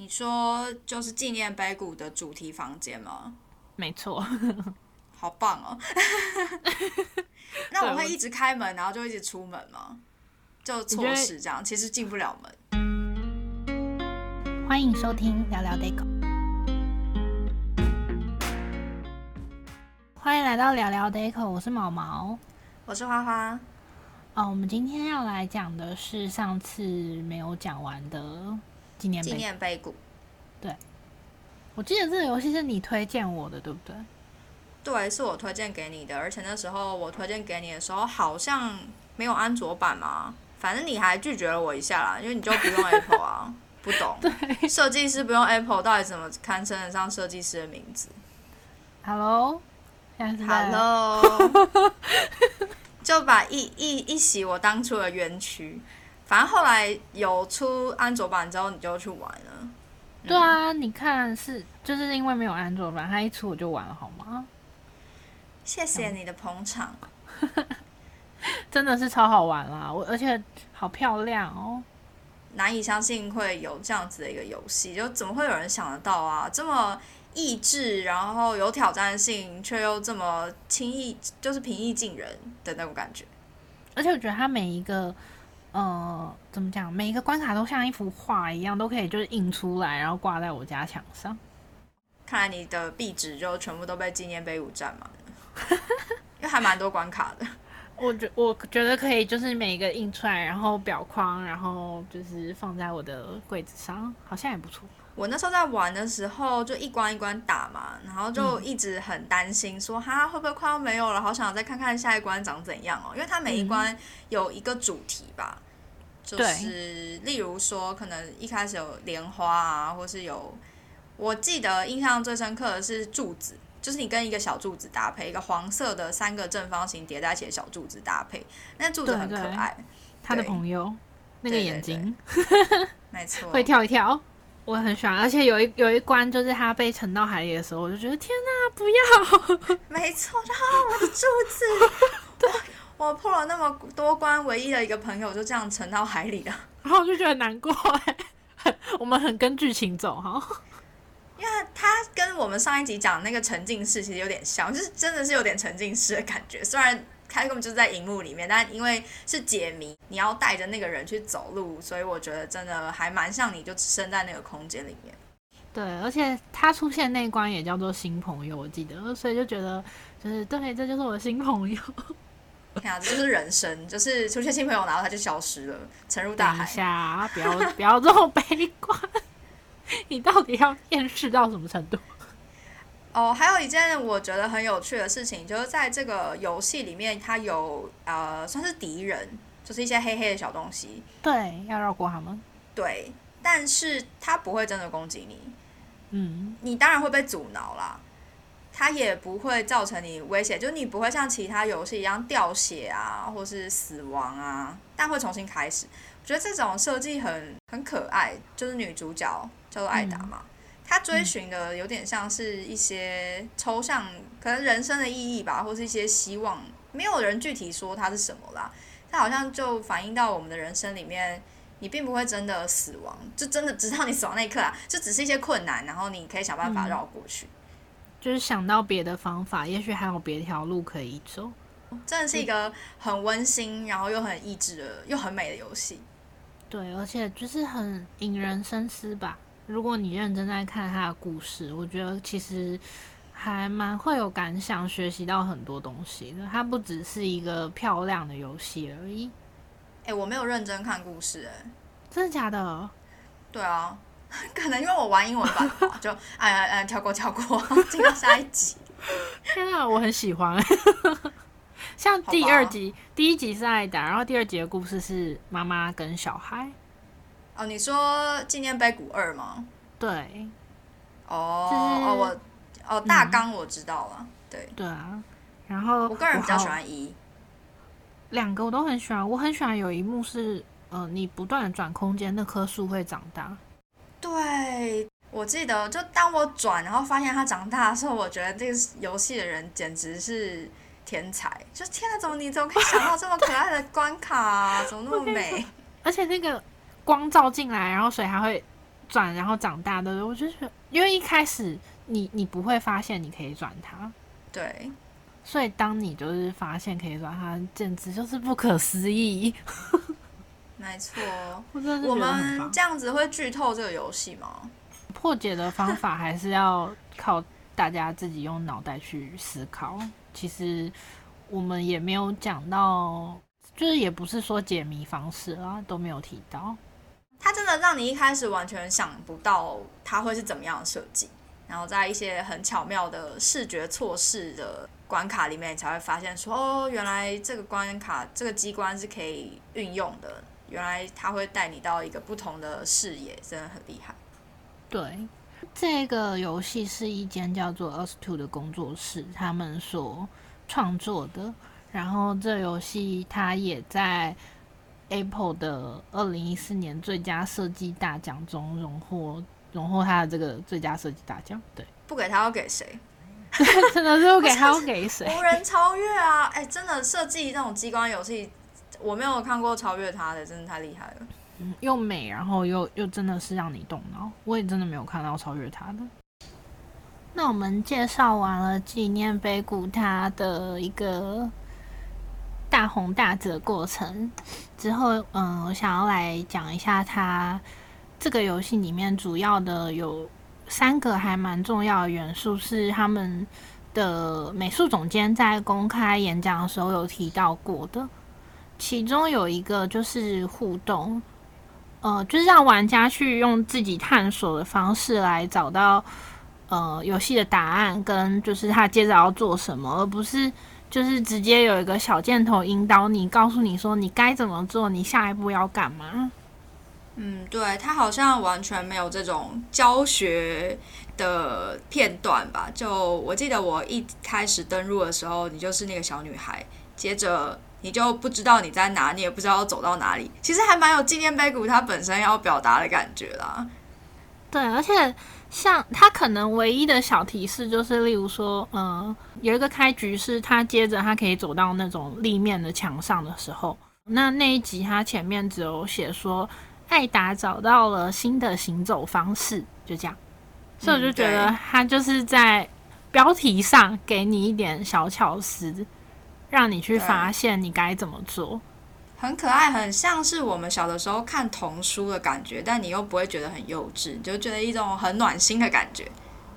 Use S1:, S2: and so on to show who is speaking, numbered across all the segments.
S1: 你說就是紀念碑谷的主題房間嗎？
S2: 沒錯錯，
S1: 好棒哦、喔！ 那我會一直開門，然後就一直出門嗎？就錯失這樣，其實進不了門。
S2: 歡迎收聽聊聊 DECO。歡迎來到聊聊 DECO，我是毛毛，我是花花。哦、啊，我們今天要來講的是上次沒有講完的。紀念碑谷，骨。對，我記得這個遊戲是你推薦我的，對不對？
S1: 對，是我推薦給你的，而且那時候我推薦給你的時候，好像沒有安卓版嘛，反正你還拒絕了我一下啦，因為你就不用 Apple 啊， 不懂，對設計師不用 Apple，到底怎麼堪稱得上設計師的名字？Hello，Hello，就把一一一洗我當初的冤屈。反正後來有出安卓版之後，你就去玩
S2: 了。對啊，嗯、你看是就是因為沒有安卓版，它一出我就玩了，好嗎？
S1: 謝謝你的捧場，
S2: 真的是超好玩啦、啊！我而且好漂亮哦，難
S1: 以相信會有這樣子的一個遊戲，就怎麼會有人想得到啊？這麼益智，然後有挑戰性，卻又這麼輕易，就是平易近人的那種感覺。
S2: 而且我覺得它每一個。呃，怎麼講？每一個關卡都像一幅畫一樣，都可以就是印出來，然後掛在我家牆上。
S1: 看來你的壁紙就全部都被紀念碑谷佔滿了，
S2: 因為還蠻多關卡的。我覺我覺得可以，就是每一個印出來，然後裱框，然後就是放在我的櫃子上，好像也不錯。我那時候在
S1: 玩的時候，就一
S2: 關一關打嘛，然後就一直很擔
S1: 心說，說哈、嗯、會不會快要沒有了？好想再看看下一關長怎樣哦、喔，因為它每一關有一個主題吧，嗯、哼就是對例如說，可能一開始有蓮花啊，或是有，我記得印象最深刻的是柱子，就是你跟一個小柱子搭配，一個黃色的三個正方形疊在一起的小柱子搭配，那柱子很可
S2: 愛，他的朋友，那個眼睛，
S1: 沒錯，會跳
S2: 一跳。我很喜歡，而且有一有一關就是他被沉到海裡的時候，我就覺得天哪，不要！
S1: 沒錯，然後我的柱子， 對我，我破了那麼多關，唯一的一個朋友就這樣沉到海裡了，
S2: 然後我就覺得很難過很。我們很跟劇情走哈，
S1: 因為他跟我們上一集講的那個沉浸式其實有點像，就是真的是有點沉浸式的感覺，雖然。根本就是在熒幕裡面，但因為是解謎，你要帶着那個人去走路，所以我覺得真的還蠻像，你就只身在那個空間裡面。
S2: 對，而且他出現那一關也叫做新朋友，我記得，所以就覺得就是對，這就是我的新朋友。
S1: 天啊，這，就是人生，就是出現新
S2: 朋友，然後他就消失了，沉入大海。下不要不要這麼悲觀， 你到底要厭世到什麼程度？
S1: 哦，還有一件我覺得很有趣的事情，就是在這個遊戲裡面，它有呃，算是敵人，就是一些黑黑的小東西。
S2: 對，要繞過他們。
S1: 對，但是它不會真的攻擊你。嗯。你當然會被阻撓啦，它也不會造成你危險，就你不會像其他遊戲一樣掉血啊，或是死亡啊，但會重新開始。我覺得這種設計很很可愛，就是女主角叫做艾達嘛。嗯他追尋的有點像是一些抽象，嗯、可能人生的意義吧，或是一些希望，沒有人具體說它是什麼啦。它好像就反映到我們的人生裡面，你並不會真的死亡，就真的直到你死亡那一刻啊，就只是一些困難，然後你
S2: 可以想辦法繞過去、嗯，就是想到別的方法，也許還有別條路可以走。
S1: 真的是一個很溫馨，然後又很勵志的，又很美的遊戲。
S2: 對，而且就是很引人深思吧。嗯如果你認真在看他的故事，我覺得其實還蠻會有感想，學習到很多東西的。它不只是一個漂亮的遊戲而已。
S1: 哎、欸，我沒有認真看故事、欸，
S2: 哎，真的假的？
S1: 對啊，可能因為我玩英文版，就哎哎、 啊啊啊，跳過跳過，進到下一集。天
S2: 啊，我很喜歡、欸。 像第二集，怕第一集是艾達，然後第二集的故事是媽媽跟小孩。
S1: 哦，你說紀念碑谷二嗎？
S2: 對，哦、就是、哦我哦大綱我知道了，嗯、對對啊，然後我個人比較喜歡一、e 好，e、兩個我都很喜歡，我很喜歡有一幕是，嗯、呃，你不斷的轉空間，那棵樹會長大，對
S1: 我記得就當我轉，然後發現它長大的時候，我覺得這個遊戲的人簡直是天才，就天吶，怎麼你怎麼可以想到這麼可愛的關卡，啊， 怎麼那麼美，
S2: 而且那個。光照進來，然後水還會轉，然後長大的。我就覺得，因為一開始你你不會發現你可以轉它，對。所以當你就是發現可以轉它，簡直就是不可思議。
S1: 沒錯，我覺得我們這樣子會劇透這個遊戲嗎？
S2: 破解的方法還是要靠大家自己用腦袋去思考。 其實我們也沒有講到，就是也不是說解謎方式啊，都沒有提到。
S1: 讓你一開始完全想不到它會是怎麼樣的設計，然後在一些很巧妙的視覺錯視的關卡裡面，你才會發現說哦，原來這個關卡、這個機關是可以運用的。原來它會帶你到一個不同的視野，真的很厲害。
S2: 對，這個遊戲是一間叫做 ustwo 的工作室他們所創作的，然後這遊戲它也在。Apple 的二零一四年最佳設計大獎中榮獲榮獲它的這個最佳設計大獎，對，不給它要給誰？ 真的是不給它要給誰？
S1: 無人超越啊！哎、欸，真的設計那種機關遊戲，我沒有看過超越它的，真的太厲害了。嗯，
S2: 又美，然後又又真的是讓你動腦，我也真的沒有看到超越它的。那我們介紹完了紀念碑谷，它的一個。大紅大紫的過程之後，嗯、呃，我想要來講一下它這個遊戲裡面主要的有三個還蠻重要的元素，是他們的美術總監在公開演講的時候有提到過的。其中有一個就是互動，呃，就是讓玩家去用自己探索的方式來找到，呃，遊戲的答案，跟就是他接着要做什麼，而不是。就是直接有一個小箭頭引導你，告訴你說你該怎麼做，你下一步要幹嘛。
S1: 嗯，對，它好像完全沒有這種教學的片段吧？就我記得我一開始登入的時候，你就是那個小女孩，接着你就不知道你在哪裡，你也不知道要走到哪裡。其實還蠻有紀念碑谷它本身要表達的感覺啦。
S2: 對，而且。像他可能唯一的小提示就是，例如說，嗯，有一個開局是他接着他可以走到那種立面的牆上的時候，那那一集他前面只有寫說艾達找到了新的行走方式，就這樣，所以我就覺得他就是在標題上給你一點小巧思，讓你去發現你該怎麼做。很
S1: 可愛，很像是我們小的時候看童書的感覺，但你又不會覺得很幼稚，就覺得一種很暖心的感覺。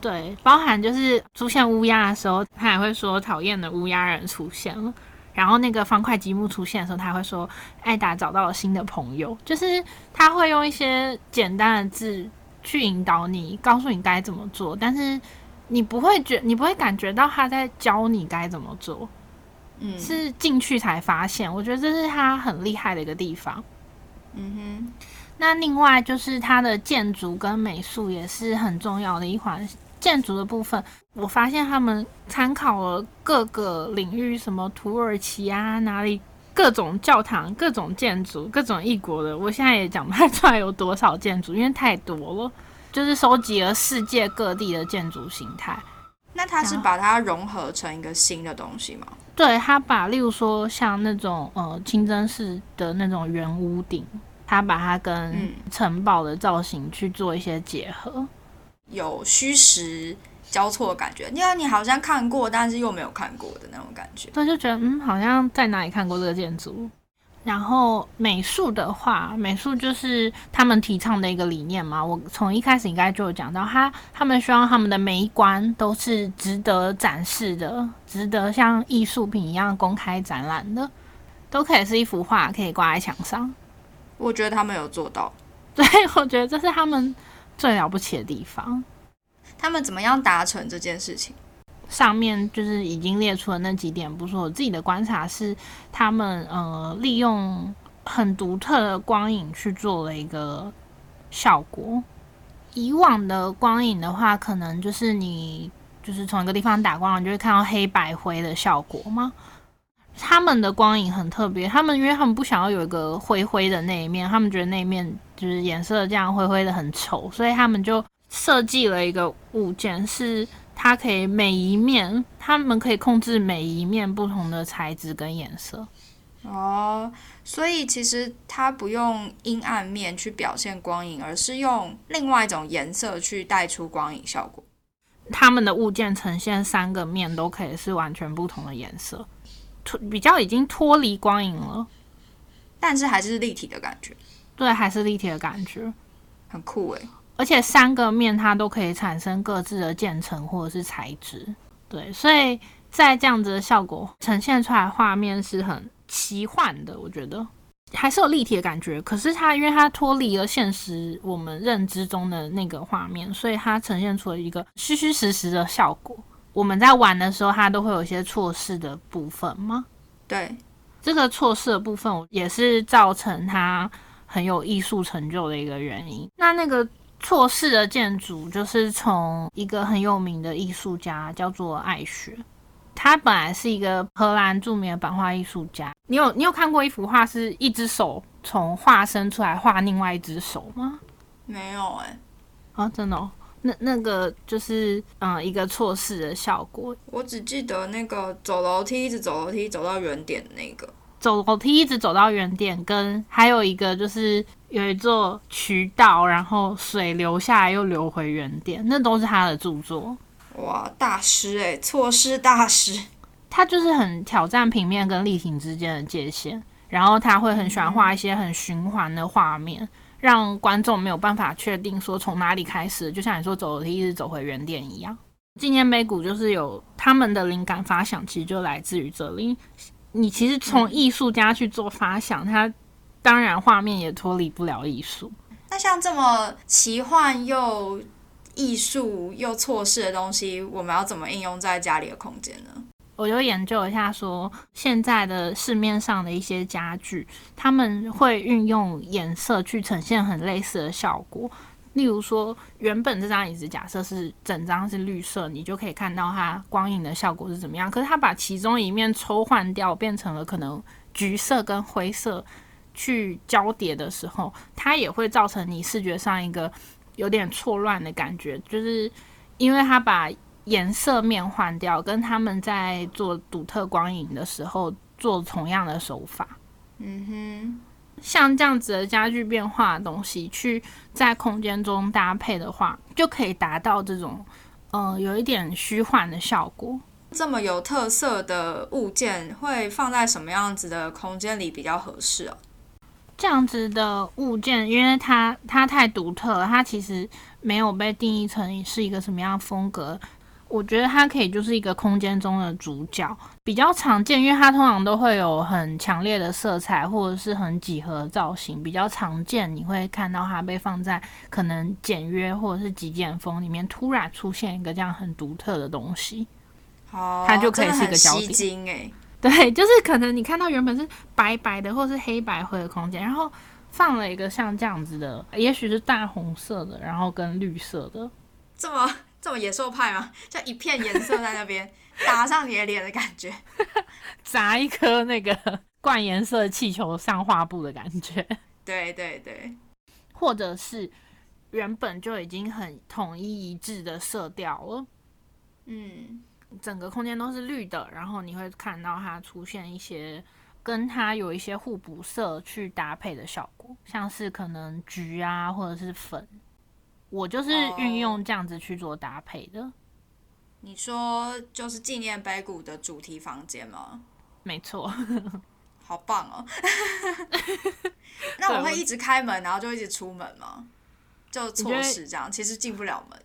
S2: 對，包含就是出現烏鴉的時候，他還會說“討厭的烏鴉人出現了”，然後那個方塊積木出現的時候，他會說“艾達找到了新的朋友”，就是他會用一些簡單的字去引導你，告訴你該怎麼做，但是你不會覺，你不會感覺到他在教你該怎麼做。是進去才發現，我覺得這是它很厲害的一個地方。嗯哼，那另外就是它的建築跟美術也是很重要的一環。建築的部分，我發現他們參考了各個領域，什麼土耳其啊，哪裡各種教堂、各種建築、各種異國的，我現在也講不太出來有多少建築，因為太多了，就是收集了世界各地的建築形態。那它是把它融合成一個新的東西嗎？對，他把例如說像那種呃清真寺的那種圓屋頂，他把它跟城堡的造型去做一些結合，
S1: 有虛實交錯的感覺，因為你好像看過，但是又沒有看過的那種感覺，
S2: 對，就覺得，嗯，好像在哪裡看過這個建築。然後美術的話，美術就是他們提倡的一個理念嘛。我從一開始應該就有講到他，他他們希望他們的每一關都是值得展示的，值得像藝術品一樣公開展覽的，都可以是一幅畫，可以掛在牆上。我覺得他們有做到，對，我覺得這是他們最了不起的地方。他們怎麼樣達成這件事情？上面就是已經列出了那幾點不錯，不是我自己的觀察，是他們呃，利用很獨特的光影去做了一個效果。以往的光影的話，可能就是你就是從一個地方打光，你就會看到黑白灰的效果嗎？他們的光影很特別，他們因為他們不想要有一個灰灰的那一面，他們覺得那一面就是顏色這樣灰灰的很醜，所以他們就設計了一個物件是。它可以每一面，他們可以控制每一面不同的材質跟顏色。哦，oh, 所以
S1: 其實它不用陰暗面去表現光影，而是用另外一種顏色去帶出光影效果。
S2: 他們的物件呈現三個面都可以是完全不同的顏色，脫比較已經脫離光影了，但是還是立體的感覺。對，還是立體的感覺，很酷誒。而且三個面它都可以產生各自的漸層或者是材質，對，所以在這樣子的效果呈現出來，畫面是很奇幻的，我覺得還是有立體的感覺。可是它因為它脫離了現實我們認知中的那個畫面，所以它呈現出了一個虛虛實實的效果。我們在玩的時候，它都會有一些錯視的部分嗎？對，這個錯視的部分也是造成它很有藝術成就的一個原因。那那個。錯視的建築就是從一個很有名的藝術家叫做艾雪，他本來是一個荷蘭著名的版畫藝術家。你有你有看過一幅畫是一只手從畫身出來畫另外一只手嗎？沒有哎、欸，啊真的哦，那那個就是嗯一個錯視的效果。我只記得
S1: 那個走樓梯一直走樓梯走到原點那個。
S2: 走樓梯一直走到原點，跟還有一個就是有一座渠道，然後水流下來又流回原點，那都是他的著作。哇，大師哎，錯視大師，他就是很挑戰平面跟立體之間的界限，然後他會很喜歡畫一些很循環的畫面，讓觀眾沒有辦法確定說從哪裡開始，就像你說走樓梯一直走回原點一樣。紀念碑谷就是有他們的靈感發想，其實就來自於這裡。你其實從藝術家去做發想，它當然畫面也脫離不了藝術。
S1: 那像這麼奇幻又藝術又錯視的東西，我們要怎麼應用在家裡的空間呢？
S2: 我就研究一下說，現在的市面上的一些家具，他們會運用顏色去呈現很類似的效果。例如說，原本這張椅子假設是整張是綠色，你就可以看到它光影的效果是怎麼樣。可是它把其中一面抽換掉，變成了可能橘色跟灰色去交疊的時候，它也會造成你視覺上一個有點錯亂的感覺，就是因為它把顏色面換掉，跟他們在做獨特光影的時候做同樣的手法。嗯哼。像這樣子的家具變化的東西，去在空間中搭配的話，就可以達到這種，嗯，呃，有一點虛幻的效果。這麼有
S1: 特色的物件會放在什麼樣子的空間裡比較合適啊？
S2: 這樣子的物件，因為它它太獨特了，它其實沒有被定義成是一個什麼樣的風格。我覺得它可以就是一個空間中的主角，比較常見，因為它通常都會有很強烈的色彩或者是很幾何造型，比較常見。你會看到它被放在可能簡約或者是極簡風裡面，突然出現一個這樣很獨特的東西，哦，它就可以是一個吸睛。哎，對，就是可能你看到原本是白白的或是黑白灰的空間，然後放了一個像這樣子的，也許是大紅色的，然後跟綠色的，
S1: 這麼。這種野獸派嘛，就一片顏色在那邊，砸 上你的臉
S2: 的感覺， 砸一顆那個灌顏色的氣球上畫布的感覺。對對對，或者是原本就已經很統一一致的色調了，嗯，整個空間都是綠的，然後你會看到它出現一些跟它有一些互補色去搭配的效果，像是可能橘啊，或者是粉。我就是運用這樣子去做搭配的。
S1: 哦，你說就是紀念碑谷的主題房間嗎？
S2: 沒錯，
S1: 好棒哦。 那我會一直開門，然後就一直出門嗎？就錯視這樣，其實進不了門。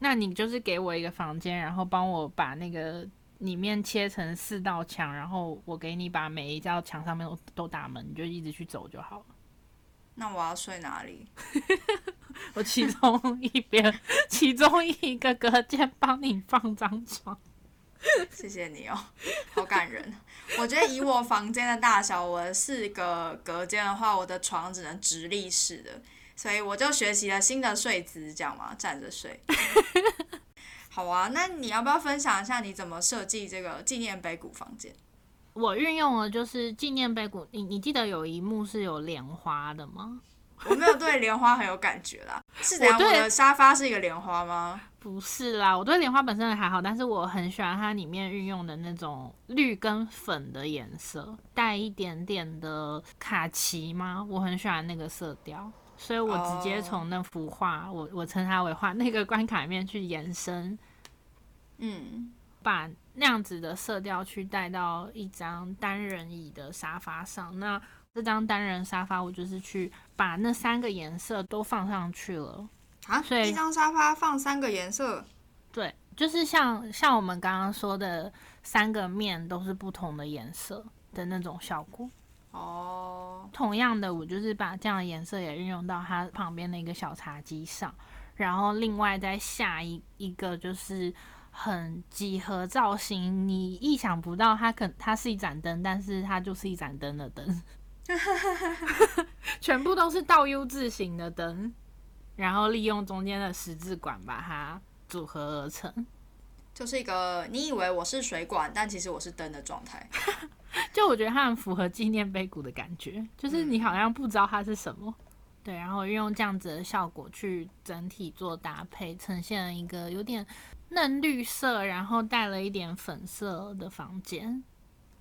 S2: 那你就是給我一個房間，然後幫我把那個裡面切成四道牆，然後我給你把每一道牆上面都都打門，你就一直去走就好了。
S1: 那我要睡哪裡？
S2: 我其中一邊、其中一個隔間幫你放張床，
S1: 謝謝你哦，好感人。我覺得以我房間的大小，我的四個隔間的話，我的床只能直立式的，所以我就學習了新的睡姿，這樣嗎？站着睡。好啊，那你要不要分享一下你怎麼設計這個紀
S2: 念碑谷房間？我運用了就是紀念碑谷，你你記得有一幕是有蓮花的嗎？我沒有對蓮花很有感覺啦。 是樣，我對我的沙發是一個蓮花嗎？不是啦，我對蓮花本身還好，但是我很喜歡它裡面運用的那種綠跟粉的顏色，帶一點點的卡其嗎？我很喜歡那個色調，所以我直接從那幅畫、oh.，我我稱它為畫那個關卡裡面去延伸，嗯。Mm. 把那樣子的色調去帶到一張單人椅的沙發上。那這張單人沙發，我就是去把那三個顏色都放上去了啊。所以這張沙
S1: 發放三個顏色，
S2: 對，就是像像我們剛剛說的，三個面都是不同的顏色的那種效果。哦，同樣的，我就是把這樣的顏色也運用到它旁邊的一個小茶幾上，然後另外再下一一個就是。很幾何造型，你意想不到，它可它是一盞燈，但是它就是一盞燈的燈， 全部都是倒 U 字形的燈，然後利用中間的十字管把它組合而成，
S1: 就是一個你以為我是水管，但其實我是燈的狀態。
S2: 就我覺得它很符合紀念碑谷的感覺，就是你好像不知道它是什麼。嗯、對，然後用這樣子的效果去整體做搭配，呈現了一個有點。嫩綠色，然後帶了一點粉色的房間，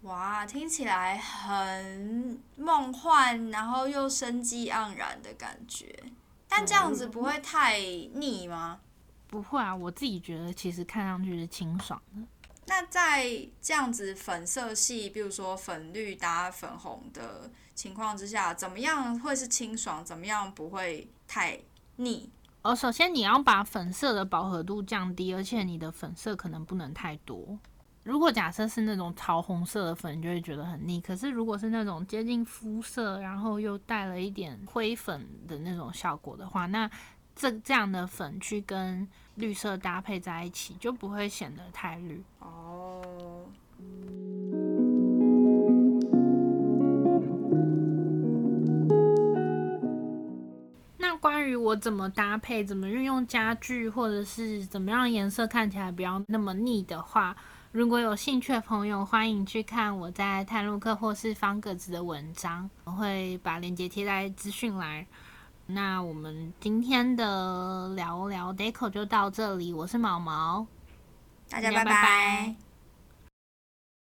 S1: 哇，聽起來很夢幻，然後又生機盎然的感覺。但這樣子不會太膩嗎？嗯，
S2: 不會啊，我自己覺得其實看上去是清爽的。
S1: 那在這樣子粉色系，比如說粉綠搭粉紅的情況之下，怎麼樣會是清爽？怎麼樣不會太
S2: 膩？哦，首先你要把粉色的飽和度降低，而且你的粉色可能不能太多。如果假設是那種桃紅色的粉，你就會覺得很膩。可是如果是那種接近膚色，然後又帶了一點灰粉的那種效果的話，那這這樣的粉去跟綠色搭配在一起，就不會顯得太綠。哦。Oh. 至於我怎麼搭配，怎麼運用家具，或者是怎麼讓顏色看起來不要那麼膩的話，如果有興趣的朋友，歡迎去看我在探路客或是方格子的文章，我會把鏈接貼在資訊欄。那我們今天的聊聊 deco 就到這裡，我是毛毛，大家拜拜。